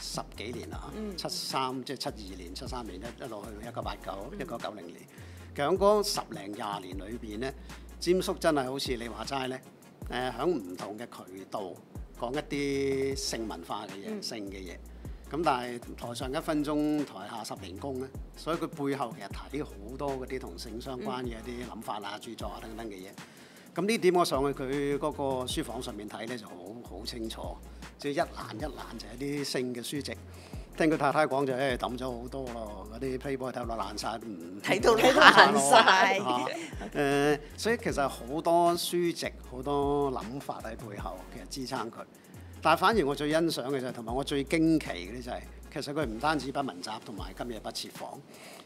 十幾年啦，嗯、七三即係七二年、七三年一一路去到一九八九、一九九零年。其實香港十零廿年裏邊咧，霑叔真係好似你話齋咧，誒喺唔同嘅渠道講一啲性文化嘅嘢、性嘅嘢。嗯咁但係台上一分鐘，台下十年功咧，所以佢背後其實睇好多嗰啲同性相關嘅一啲諗法啊、嗯、著作啊等等嘅嘢。咁呢點我上去佢嗰個書房上面睇咧就好好清楚，即係一欄一欄就係啲性嘅書籍。聽佢太太講就誒抌咗好多咯，嗰啲 Playboy 睇落爛晒，睇、呃、到爛曬。誒、 呃，所以其實好多書籍、好多諗法喺背後，其實支撐佢。但係反而我最欣賞嘅就係，同埋我最驚奇嘅咧就係，其實佢唔單止不文集，同埋今夜不設防，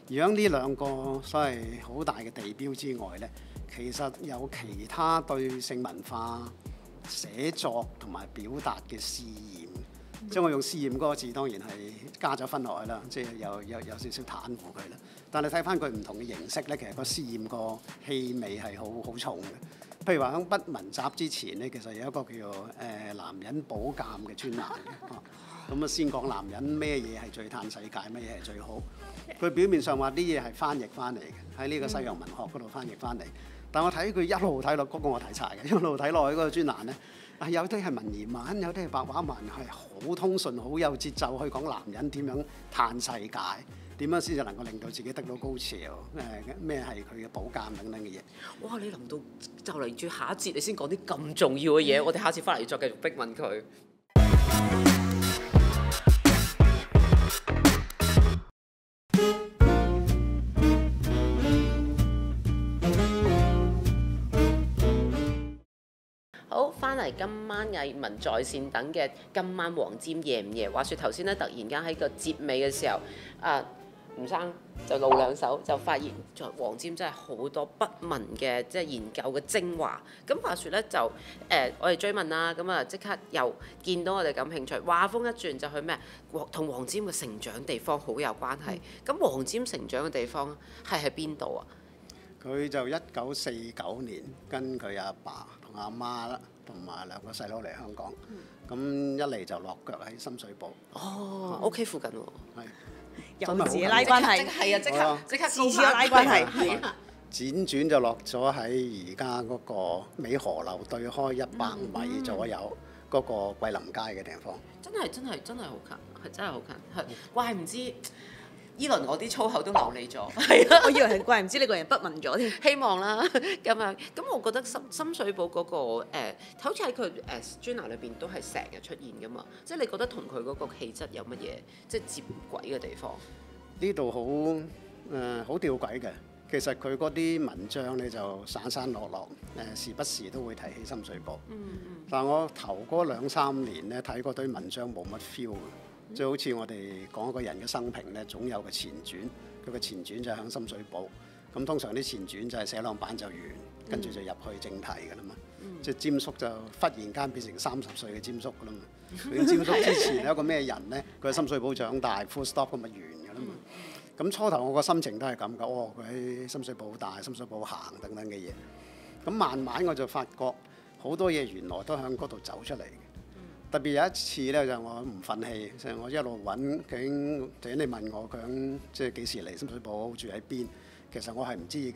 而響呢兩個所謂好大嘅地標之外咧，其實有其他對性文化寫作同埋表達嘅試驗。嗯、即係我用試驗嗰個字，當然係加咗分落去啦，即係又又有，有，有，有少少袒護佢啦。但係睇翻佢唔同嘅形式咧，其實個試驗個氣味係好好重嘅。譬如話喺《不文集》之前咧，其實有一個叫做誒男人保鑑嘅專欄咁啊 先講男人咩嘢係最嘆世界，咩嘢係最好。佢表面上話啲嘢係翻譯翻嚟嘅，喺呢個西洋文學嗰度翻譯翻嚟。嗯、但我睇佢一路睇落嗰個我睇晒嘅，一路睇落嗰個專欄咧，係有啲係文言文，有啲係白話文，係好通順、好有節奏，去以講男人點樣嘆世界。點樣先就能夠令到自己得到高潮？誒咩係佢嘅補監等等嘅嘢？哇！你臨到就嚟住下一節，你先講啲咁重要嘅嘢，我哋下次翻嚟再繼續逼問佢。好，翻嚟今晚藝文在線等嘅今晚黃霑夜唔夜？話説頭先咧，突然間喺個節尾嘅時候，啊！吳生就露兩手，就發現黃霑真係好多不文嘅即係研究嘅精華。咁話說咧，就誒、呃、我哋追問啦，咁啊即刻又見到我哋感興趣，話風一轉就去咩？同黃霑嘅成長地方好有關係。咁黃霑成長嘅地方係喺邊度啊？佢就一九四九年跟佢阿爸同阿媽啦同埋兩個細佬嚟香港，咁、嗯、一嚟就落腳喺深水埗。哦，屋企、嗯 okay、附近喎、哦。由自己拉關係，係啊，即刻即刻自己拉關係。輾轉就落咗喺而家嗰個美荷樓對開一百米左右嗰個桂林街嘅地方。真係真係真係好近，係真係好近，係怪唔知。依輪我啲粗口都冇你咗，係啊， 我以為係怪唔知你個人不文咗，希望啦咁啊，咁、嗯嗯、我覺得深深水埗嗰、嗰個、uh, 好似喺佢誒 journal 裏邊都係成日出現噶嘛。即係你覺得同佢嗰個氣質有乜嘢即係接軌嘅地方？呢度好誒好吊詭嘅，其實佢嗰啲文章咧就散散落落，誒、啊、時不時都會提起深水埗、嗯。嗯但係我頭嗰兩三年咧睇嗰堆文章冇乜 feel。就好似我哋講一個人嘅生平咧，總有個前傳，佢個前傳就喺深水埗。咁通常啲前傳就係寫兩版就完，跟住、嗯、就入去正題嘅啦嘛。嗯、即係霑叔就忽然間變成三十歲嘅霑叔啦嘛。佢、嗯、霑叔之前係 一個咩人咧？佢喺深水埗長大 ，full stop 咁咪完嘅啦嘛。咁、嗯、初頭我個心情都係咁嘅，哦，佢喺深水埗大，深水埗行等等嘅嘢。咁慢慢我就發覺好多嘢原來都喺嗰度走出嚟。特別有一次咧，就是、我唔忿氣，就是、我一路揾佢，請你問我佢即係幾時嚟深水埗住喺邊。其實我係唔知嘅，誒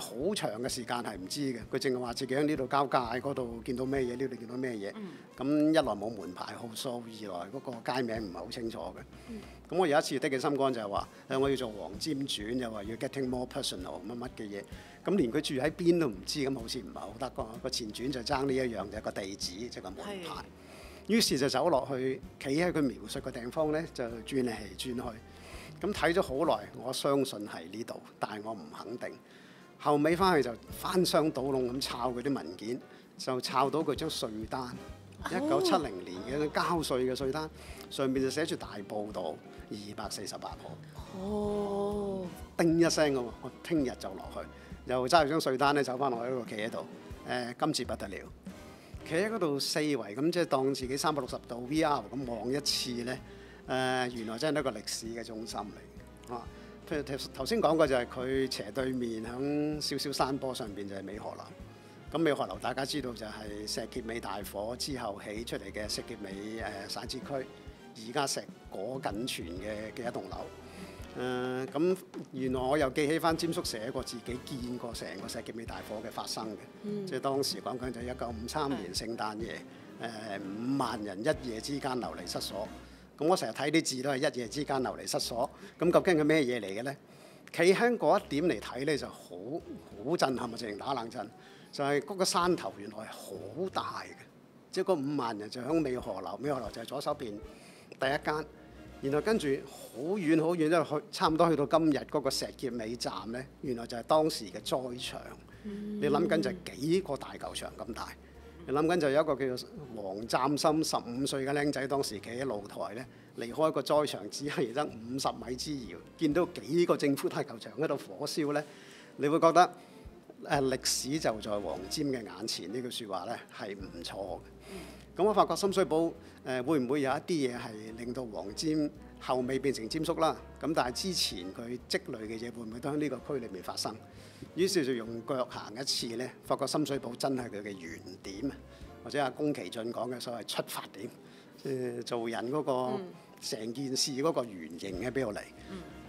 好、oh. 呃、長嘅時間係唔知嘅。佢淨係話自己喺呢度交界嗰度見到咩嘢，呢度見到咩嘢。咁、mm. 嗯、一來冇門牌號數，二來嗰個街名唔係好清楚嘅。咁、mm. 嗯、我有一次的嘅心肝就係話，誒、哎、我要做黃霑傳又話、就是、要 getting more personal 乜乜嘅嘢。咁連佢住喺邊都唔知，咁好似唔係好得個。那個前傳就爭呢一樣就係、是、個地址即係、就是、個門牌。 於是就走落去，企喺佢描述嘅地方咧，就轉嚟轉去。咁睇咗好耐，我相信係呢度，但係我唔肯定。後尾翻去就翻箱倒籠咁抄佢啲文件，就抄到佢張稅單，oh. 一九七零年嘅交稅嘅稅單，上面就寫住大埔道二百四十八號。哦，oh. 叮一聲咁，我聽日就落去。又揸住張稅單咧，走翻落去嗰度企喺度。誒、呃，今次不得了。企喺嗰度四圍咁，即係當自己三百六十度 VR 咁望一次咧，誒、呃、原來真係一個歷史嘅中心嚟嘅，啊！譬如頭先講過就係佢斜對面，響少少山坡上邊就係美荷樓。咁美荷樓大家知道就係石硤尾大火之後起出嚟嘅石硤尾誒徙置區，而家碩果僅存嘅嘅一棟樓。誒咁原來我又記起翻霑叔寫過自己見過成個石硤尾大火嘅發生嘅，即係當時講緊就一九五三年聖誕夜，誒五萬人一夜之間流離失所。咁我成日睇啲字都係一夜之間流離失所。咁究竟係咩嘢嚟嘅咧？企喺嗰一點嚟睇咧，就好好震撼啊，直情打冷震。就係嗰個山頭原來係好大嘅，即係個五萬人就喺美荷樓，美荷樓就係左手邊第一間。然後跟住好遠好遠，因為去差唔多去到今日嗰個石硤尾站呢。原來就係當時嘅災場。嗯、你諗緊就係幾個大球場咁大，你諗緊就有一個叫做黃湛森十五歲嘅僆仔當時企喺露台呢，離開個災場只係得五十米之遙，見到幾個政府大球場喺度火燒呢，你會覺得誒歷史就在黃霑嘅眼前呢句説話呢，係唔錯嘅。咁我發覺深水埗誒、呃、會唔會有一啲嘢係令到黃霑後尾變成霑叔啦？咁但係之前佢積累嘅嘢會唔會都喺呢個區裏面發生？於是就用腳行一次咧，發覺深水埗真係佢嘅原點，或者阿宮崎駿講嘅所謂出發點，誒、呃、做人嗰、那個成、嗯、件事嗰個原型喺邊度嚟。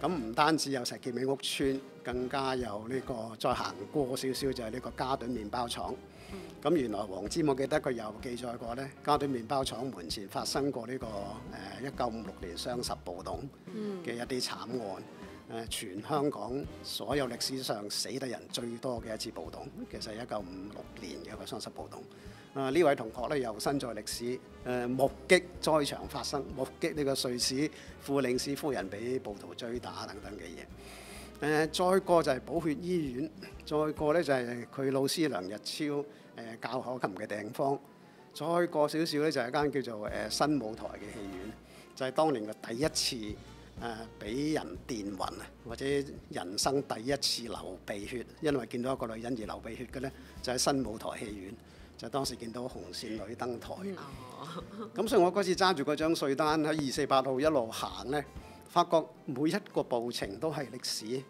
咁唔、嗯、單止有石硤尾屋村，更加有呢、這個再行過少少就係呢個嘉頓麵包廠。咁、嗯、原來黃霑，我記得佢有記載過呢，嘉頓麵包廠門前發生過呢、這個誒一九五六年雙十暴動嘅一啲慘案，誒、呃、全香港所有歷史上死得人最多嘅一次暴動，其實係一九五六年嘅一個雙十暴動。啊、呃，呢位同學呢，又身在歷史，誒、呃、目擊災場發生，目擊呢個瑞士副領事夫人俾暴徒追打等等嘅嘢。誒、呃、再過就係寶血醫院，再過呢就係佢老師梁日超、呃、教口琴嘅地方，再過少少呢，就係間叫做誒、呃、新舞台嘅戲院，就係、是、當年嘅第一次誒俾、呃、人電暈啊，或者人生第一次流鼻血，因為見到一個女人而流鼻血嘅呢，就喺、是、新舞台戲院，就是、當時見到紅線女登台，咁、嗯、所以我嗰次揸住嗰張稅單喺二四八號一路行呢。發覺每一個步程都係歷史，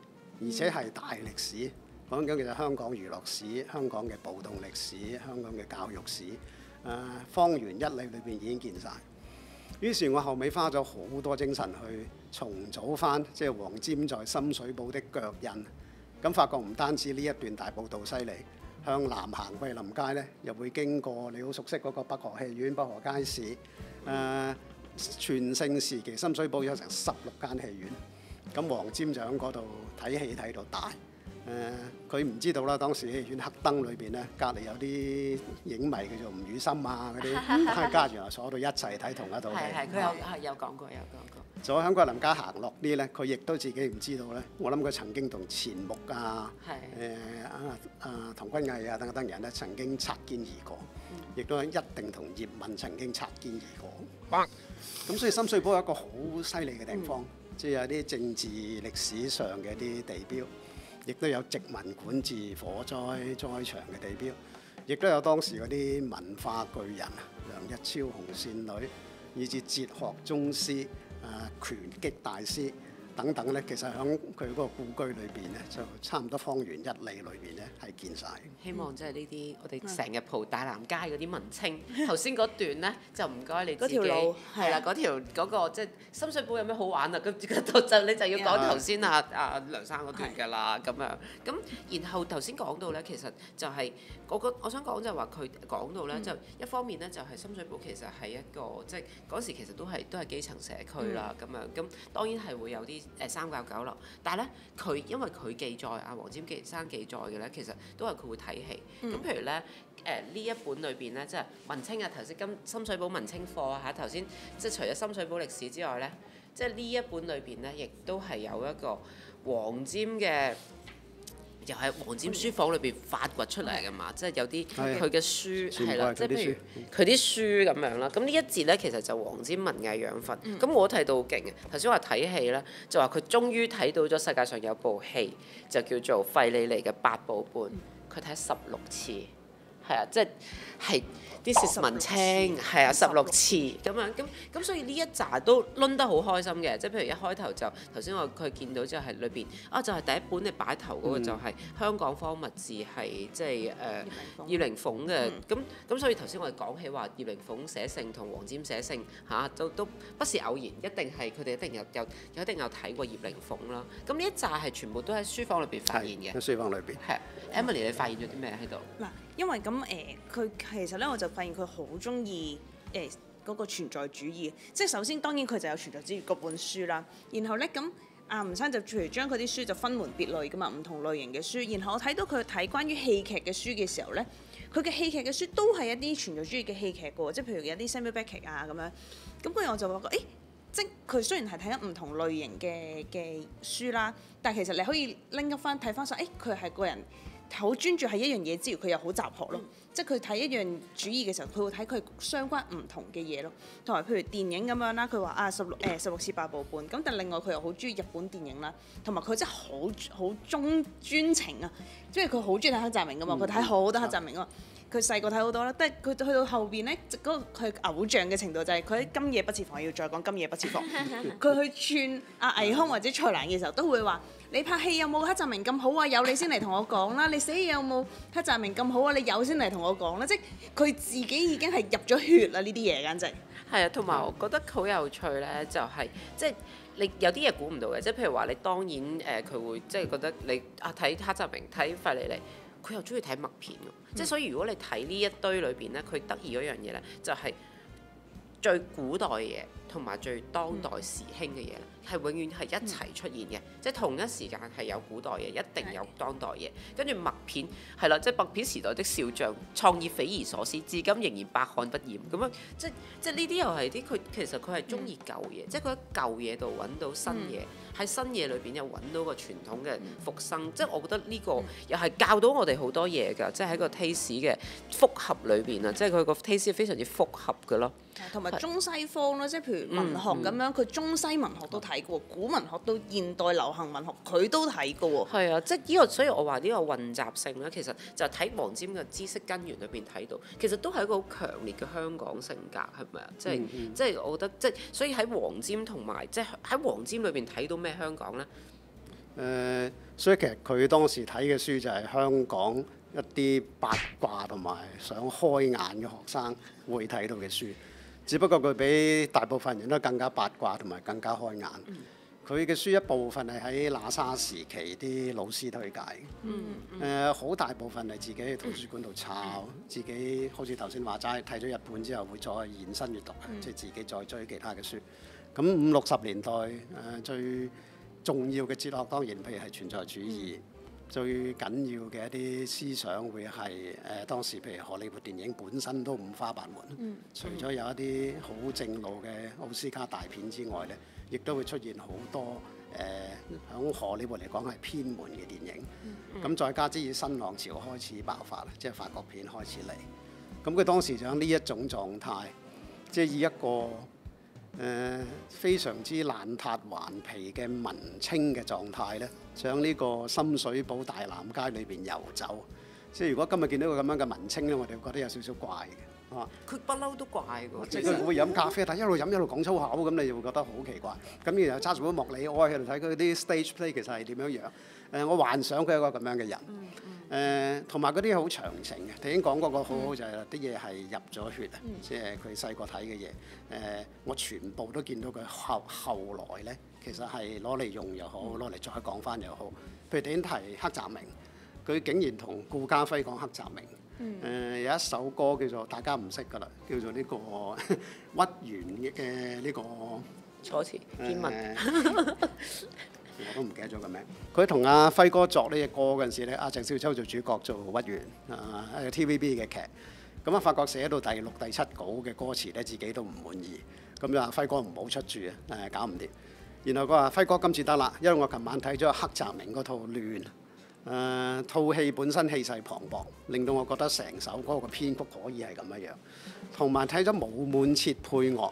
而且係大歷史。講緊其實香港娛樂史、香港嘅暴動歷史、香港嘅教育史，誒、啊，方圓一里裏邊已經見晒。於是，我後尾花咗好多精神去重組翻，即係黃霑在深水埗的腳印。咁發覺唔單止呢一段大步道犀利，向南行桂林街呢，又會經過你好熟悉嗰個北河戲院、北河街市，誒、啊。全盛時期，深水埗有成十六間戲院，咁黃霑就喺嗰度睇戲睇到大。誒，佢唔知道啦。當時戲院黑燈裏邊咧，隔離有啲影迷叫做吳宇森啊嗰啲，加住啊坐到一齊睇同一度戲。係係，佢有係有講過有講過。左響個林家行落啲咧，佢亦都自己唔知道咧。我諗佢曾經同錢穆啊、誒啊啊唐君毅啊等等人咧，曾經擦肩而過，亦都一定同葉問曾經擦肩而過。咁所以深水埗有一個好犀利嘅地方，即係有啲政治歷史上嘅啲地標，亦都有殖民管治火災災場嘅地標，亦都有當時嗰啲文化巨人梁日超、紅線女，以至哲學宗師啊、拳擊大師。等等咧，其實喺佢嗰個故居裏邊咧，就差唔多方圓一里裏邊咧，係見晒。希望即係呢啲，我哋成日蒲大南街嗰啲文青，頭先嗰段咧就唔該你。嗰條路係啦，嗰條嗰個、那個、即係深水埗有咩好玩啊？咁嗰度就你就要講頭、啊啊、先啊啊梁生嗰段㗎啦，咁樣。咁然後頭先講到咧，其實就係、是、我個我想講就係話佢講到咧，就一方面咧就係深水埗其實係一個即係嗰時其實都係都係基層社區啦，咁樣咁當然係會有啲。誒三教九流，但係咧，佢因為佢記載啊，黃霑記生記載嘅咧，其實都係佢會睇戲。咁、嗯、譬如咧，誒呢一本裏邊咧、就是啊，即係《文青啊，頭先》跟深水埗文青課啊嚇，頭先即係除咗深水埗歷史之外咧，即係呢一本裏邊咧，亦都係有一個黃霑嘅。又係黃霑書房裏邊發掘出嚟㗎嘛，即係有啲佢嘅書，係啦，即係譬如佢啲書咁樣啦。咁呢、嗯、一節咧，其實就黃霑文藝養分。咁、嗯、我睇到好勁啊！頭先話睇戲啦，就話佢終於睇到咗世界上有部戲，就叫做費里尼嘅《八部半》，佢睇十六次，係啊，即係係。啲石文青係啊，十六次咁樣，咁咁，所以呢一紮都攆得好開心嘅。即係譬如一開頭就頭先我佢見到之後係裏邊啊，就係第一本你擺頭嗰個就係香港方物志係，即係誒葉靈鳳嘅。咁咁，所以頭先我哋講起話葉靈鳳寫性同黃霑寫性吓，都都不是偶然，一定係佢哋一定有有有一定有睇過葉靈鳳啦。咁呢一紮係全部都喺書房裏邊發現嘅。喺書房裏邊。係，Emily 你發現咗啲咩喺度？嗱。因為咁誒，佢、欸、其實咧，我就發現佢好中意誒嗰個存在主義。即係首先當然佢就有存在主義嗰本書啦。然後咧咁，阿、啊、吳生就譬如將佢啲書就分門別類噶嘛，唔同類型嘅書。然後我睇到佢睇關於戲劇嘅書嘅時候咧，佢嘅戲劇嘅書都係一啲存在主義嘅戲劇噶喎，即係譬如有啲 Samuel Beckett 啊咁樣。咁跟住我就話個誒，即佢雖然係睇緊唔同類型嘅嘅書啦，但係其實你可以拎一翻睇翻曬，誒佢係個人。好專注喺一樣嘢之餘，佢又好雜學咯，嗯、即係佢睇一樣主意嘅時候，佢會睇佢相關唔同嘅嘢咯，同埋譬如電影咁樣啦，佢話啊十六誒、欸、十六次八部半，咁但另外佢又好中意日本電影啦，同埋佢真係好好忠專情啊，即係佢好中意睇黑澤明㗎嘛，佢睇好多黑澤明啊。嗯佢細個睇好多啦，但係佢去到後邊咧，嗰佢偶像嘅程度就係佢喺《今夜不設防》要再講《今夜不設防》，佢 去串阿倪匡或者蔡瀾嘅時候都會話：你拍戲有冇黑澤明咁好啊？有你先嚟同我講啦、啊！你死有冇黑澤明咁好啊？有你有先嚟同我講啦、啊！即係佢自己已經係入咗血啦呢啲嘢，簡直係啊！同埋我覺得好有趣咧、就是，就係即係你有啲嘢估唔到嘅，即、就、係、是、譬如話你當然誒，佢、呃、會即係覺得你啊睇黑澤明睇費利尼。佢又中意睇默片㗎，嗯、即係所以如果你睇呢一堆裏邊咧，佢得意嗰樣嘢咧，就係最古代嘢同埋最當代時興嘅嘢啦，係、嗯、永遠係一齊出現嘅，嗯、即係同一時間係有古代嘢，一定有當代嘢，跟住默片係啦，即係默片時代的笑匠創業匪夷所思，至今仍然百看不厭，咁樣即係即係呢啲又係啲佢其實佢係中意舊嘢，嗯、即係佢喺舊嘢度揾到新嘢。嗯喺新嘢裏邊又揾到個傳統嘅復生，嗯、即係我覺得呢個又係教到我哋好多嘢㗎，即係喺個 taste 嘅複合裏邊啊，即係佢個 taste 非常之複合嘅咯。同埋中西方啦，即係是譬如文學咁樣，佢、嗯、中西文學都睇過，嗯、古文學到現代流行文學佢都睇過。係啊，即係呢個，所以我話呢個混雜性咧，其實就睇黃霑嘅知識根源裏邊睇到，其實都係一個好強烈嘅香港性格，係咪啊？即係即係我覺得即係，所以喺黃霑同埋即係喺黃霑裏邊睇到香港呢，誒、呃，所以其實佢當時睇嘅書就係香港一啲八卦同埋想開眼嘅學生會睇到嘅書，只不過佢比大部分人都更加八卦同埋更加開眼。佢嘅、嗯、書一部分係喺喇沙時期啲老師推介嘅，好、嗯嗯呃、大部分係自己喺圖書館度抄，嗯、自己好似頭先話齋睇咗日本之後會再延伸閱讀，嗯、即係自己再追其他嘅書。咁五六十年代，誒、呃、最重要嘅哲學當然，譬如係存在主義，嗯、最緊要嘅一啲思想會係誒、呃、當時譬如荷里活電影本身都五花八門，嗯、除咗有一啲好正路嘅奧斯卡大片之外咧，亦都會出現好多誒響、呃、荷里活嚟講係偏門嘅電影。咁、嗯嗯、再加之以新浪潮開始爆發，即係法國片開始嚟，咁佢當時就喺呢一種狀態，即係以一個。誒、uh, 非常之爛塌頑皮嘅文青嘅狀態咧，上呢個深水埗大南街裏邊遊走，即係如果今日見到佢咁樣嘅文青，咧，我哋會覺得有少少怪嘅，啊！佢不嬲都怪㗎喎，即係佢會飲咖啡，但一路飲一路講粗口，咁你就會覺得好奇怪。咁、嗯、然後揸住個莫里哀去睇佢啲 stage play，其實係點樣樣？誒、呃，我幻想佢係一個咁樣嘅人。嗯嗯誒、同埋嗰啲好長情嘅，頭先講嗰個好好就係啲嘢係入咗血啊，即係佢細個睇嘅嘢。誒，我全部都見到佢後後來咧，其實係攞嚟用又好，攞嚟、嗯、再講翻又好。譬如頭先提黑澤明，佢竟然同顧嘉輝講黑澤明。誒、嗯呃、有一首歌叫做，大家唔識㗎啦，叫做呢、呢個 屈原嘅呢、呢個楚辭天文。 我都唔記得咗個名。佢同阿輝哥作呢隻歌嗰陣時咧，阿鄭少秋做主角做屈原啊，係 TVB 嘅劇。咁啊，發覺寫到第六、第七稿嘅歌詞咧，自己都唔滿意。咁就話，輝哥唔好出住啊，誒搞唔掂。然後佢話：輝哥今次得啦，因為我琴晚睇咗黑澤明嗰套亂，誒、啊、套戲本身氣勢磅礴，令到我覺得成首歌嘅編曲可以係咁樣。同埋睇咗《武滿徹配樂。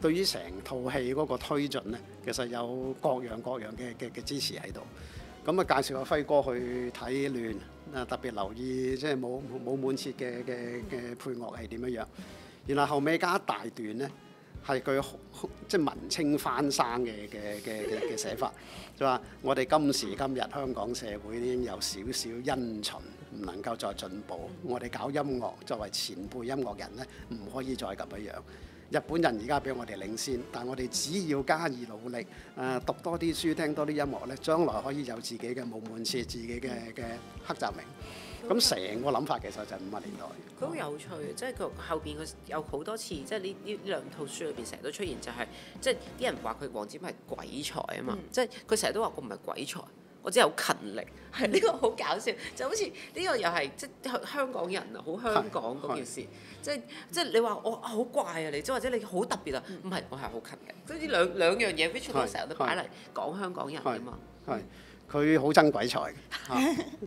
對於成套戲嗰個推進呢，其實有各樣各樣嘅嘅支持喺度。咁啊，介紹阿輝哥去睇亂啊，特別留意即係冇冇滿切嘅嘅嘅配樂係點樣樣。然後後尾加一大段呢，係佢即係文青翻生嘅嘅嘅嘅寫法，就話，我哋今時今日香港社會已經有少少因循，唔能夠再進步。我哋搞音樂作為前輩音樂人呢，唔可以再咁樣樣。日本人而家比我哋領先，但我哋只要加以努力，誒、呃、讀多啲書，聽多啲音樂咧，將來可以有自己嘅莫札特，自己嘅嘅黑澤明。咁成、嗯、個諗法其實就係五十年代。佢好、嗯、有趣，啊、即係佢後邊個有好多次，即係呢呢兩套書裏邊成日都出現，就是，就係即係啲人話佢王子默係鬼才啊嘛，嗯、即係佢成日都話佢唔係鬼才。我真係好勤力，係呢個好搞笑，就好似呢個又係即香香港人啊，好香港嗰件事，即即你話我好怪啊，你即或者你好特別啊，唔係我係好勤嘅，所以兩兩樣嘢飛出嚟成日都擺嚟講香港人啊嘛，係佢好憎鬼才，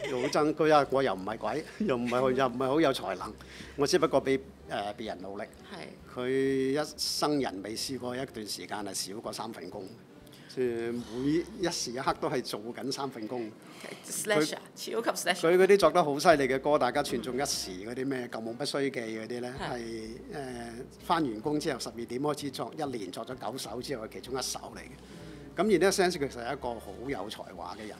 又憎佢啊！我又唔係鬼，又唔係又唔係好有才能，我只不過俾誒別人努力，係佢一生人未試過一段時間，係少過三份工。每一時一刻都係做緊三份工，佢超級。所以嗰啲作得好犀利嘅歌，大家傳頌一時嗰啲咩《舊夢不須記》嗰啲呢，係、hmm. 誒、呃、翻完工之後十二點開始作，一年作咗九首之後嘅其中一首嚟嘅。咁、mm hmm. 而呢，Sens 其實係一個好有才華嘅人，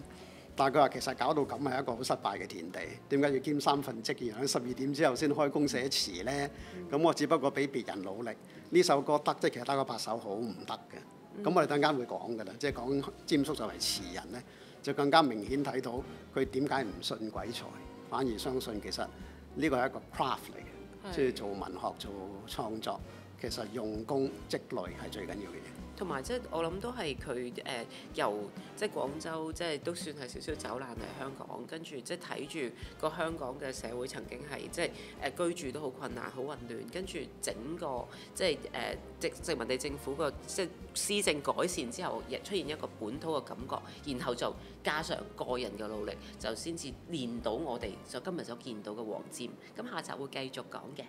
但係佢話其實搞到咁係一個好失敗嘅田地。點解要兼三份職？而響十二點之後先開工寫詞呢？咁、mm hmm. 我只不過比別人努力。呢首歌得即係，其，其他嗰八首好唔得嘅。Mm hmm. 咁、嗯、我哋等間會講嘅啦，即係講霑叔作為詞人咧，就更加明顯睇到佢點解唔信鬼才，反而相信其實呢個係一個 craft 嚟嘅，是即係做文學做創作，其實用功積累係最緊要嘅嘢。同埋、呃、即係我諗都係佢誒由即係廣州即係都算係少少走難嚟香港，跟住即係睇住個香港嘅社會曾經係即係誒、呃、居住都好困難、好混亂，跟住整個即係誒殖殖民地政府個即係施政改善之後，亦出現一個本土嘅感覺，然後就加上個人嘅努力，就先至練到我哋就今日所見到嘅黃霑。咁下集會繼續講嘅。